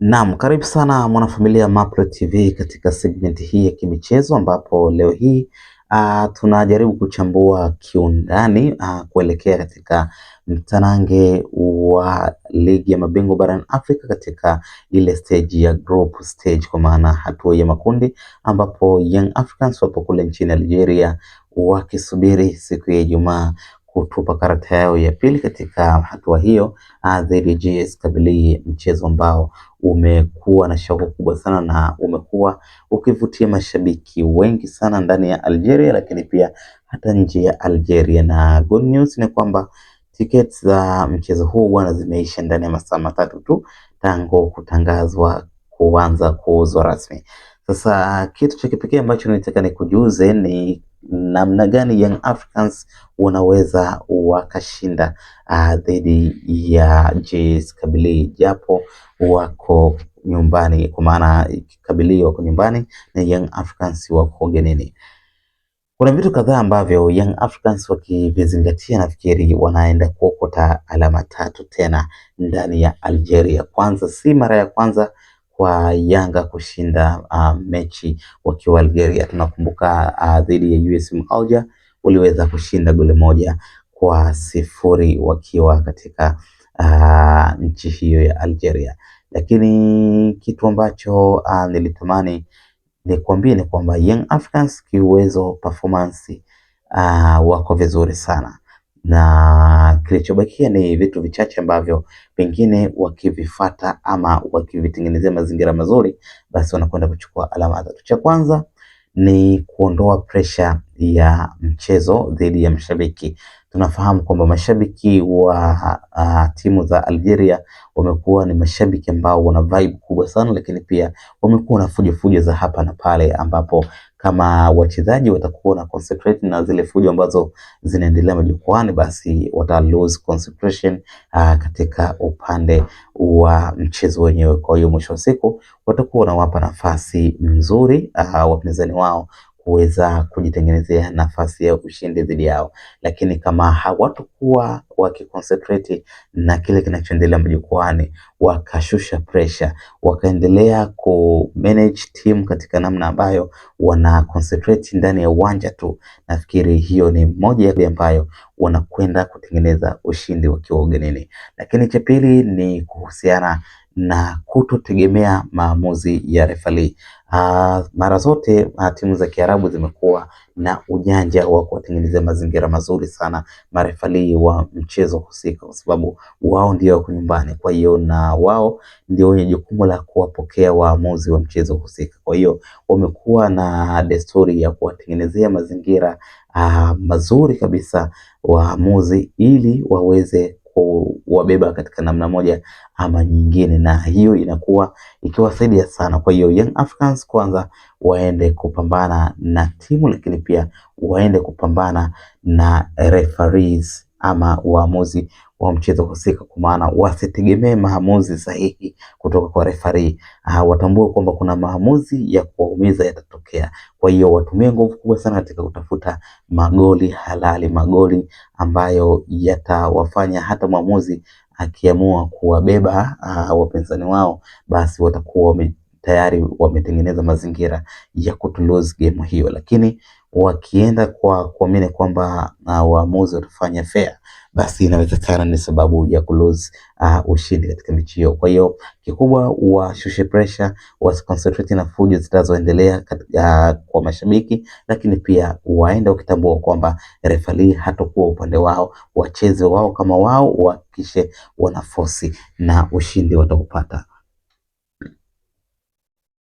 Naam, karibu sana mwanafamilia Mapro TV katika segment hii ya kimichezo ambapo leo hii uh, tunajaribu kuchambua kiundani uh, kuelekea katika mtanange wa ligi ya mabingwa barani Afrika katika ile stage ya group stage, kwa maana hatua ya makundi, ambapo Young Africans wapo kule nchini Algeria wakisubiri siku ya Ijumaa kutupa karata yao ya pili katika hatua hiyo ah, dhidi JS Kabylie, mchezo ambao umekuwa na shauku kubwa sana na umekuwa ukivutia mashabiki wengi sana ndani ya Algeria, lakini pia hata nje ya Algeria. Na good news ni kwamba tiketi za mchezo huu bwana zimeisha ndani ya masaa matatu tu tangu kutangazwa kuanza kuuzwa rasmi. Sasa kitu cha kipekee ambacho nitaka nikujuze ni namna gani Young Africans wanaweza wakashinda ah, dhidi uh, ya JS Kabylie japo wako nyumbani, kwa maana Kabylie wako nyumbani na Young Africans wako ugenini. Kuna vitu kadhaa ambavyo Young Africans wakivizingatia, nafikiri wanaenda kuokota alama tatu tena ndani ya Algeria. Kwanza si mara ya kwanza kwa Yanga kushinda uh, mechi wakiwa Algeria. Tunakumbuka ah, dhidi ya USM Alger uliweza kushinda goli moja kwa sifuri wakiwa katika uh, nchi hiyo ya Algeria, lakini kitu ambacho uh, nilitamani nikuambie ni kwamba Young Africans kiuwezo performance uh, wako vizuri sana na kilichobakia ni vitu vichache ambavyo pengine wakivifata ama wakivitengenezea mazingira mazuri, basi wanakwenda kuchukua alama tatu. Cha kwanza ni kuondoa presha ya mchezo dhidi ya mashabiki. Tunafahamu kwamba mashabiki wa a, timu za Algeria wamekuwa ni mashabiki ambao wana vibe kubwa sana, lakini pia wamekuwa na fujo fujo za hapa na pale, ambapo kama wachezaji watakuwa na concentrate na zile fujo ambazo zinaendelea majukwani, basi wata lose concentration uh, katika upande wa mchezo wenyewe. Kwa hiyo mwisho wa siku watakuwa wanawapa nafasi nzuri uh, ah, wapinzani wao kuweza kujitengenezea nafasi ya ushindi dhidi yao, lakini kama hawatokuwa wakiconcentrate na kile kinachoendelea majukwani, wakashusha pressure, wakaendelea ku manage team katika namna ambayo wana concentrate ndani ya uwanja tu, nafikiri hiyo ni moja ya ambayo wanakwenda kutengeneza ushindi wakiwa ugenini. Lakini cha pili ni kuhusiana na kutotegemea maamuzi ya refali. Uh, mara zote uh, timu za Kiarabu zimekuwa na ujanja wa kuwatengenezea mazingira mazuri sana marefali wa mchezo husika, kwa sababu wao ndio wako nyumbani. Kwa hiyo na wao ndio wenye jukumu la kuwapokea waamuzi wa mchezo husika. Kwa hiyo wamekuwa na desturi ya kuwatengenezea mazingira uh, mazuri kabisa waamuzi ili waweze kuwabeba katika namna moja ama nyingine, na hiyo inakuwa ikiwasaidia sana. Kwa hiyo Young Africans kwanza waende kupambana na timu, lakini pia waende kupambana na referees ama waamuzi wa mchezo husika, kwa maana wasitegemee maamuzi sahihi kutoka kwa refari. Uh, watambue kwamba kuna maamuzi ya kuwaumiza yatatokea. Kwa hiyo watumie nguvu kubwa sana katika kutafuta magoli halali, magoli ambayo yatawafanya hata mwamuzi akiamua kuwabeba ah, wapinzani wao, basi watakuwa tayari wametengeneza mazingira ya kutulose game hiyo, lakini wakienda kwa kuamini kwamba uh, ah, waamuzi watafanya fair, basi inawezekana ni sababu ya kulose uh, ushindi katika mechi hiyo. Kwa hiyo kikubwa, washushe pressure, wasiconcentrate na fujo zitazoendelea uh, kwa mashabiki, lakini pia waende wakitambua kwamba refali hatakuwa upande wao, wacheze wao kama wao, wahakikishe wanafosi na ushindi watakupata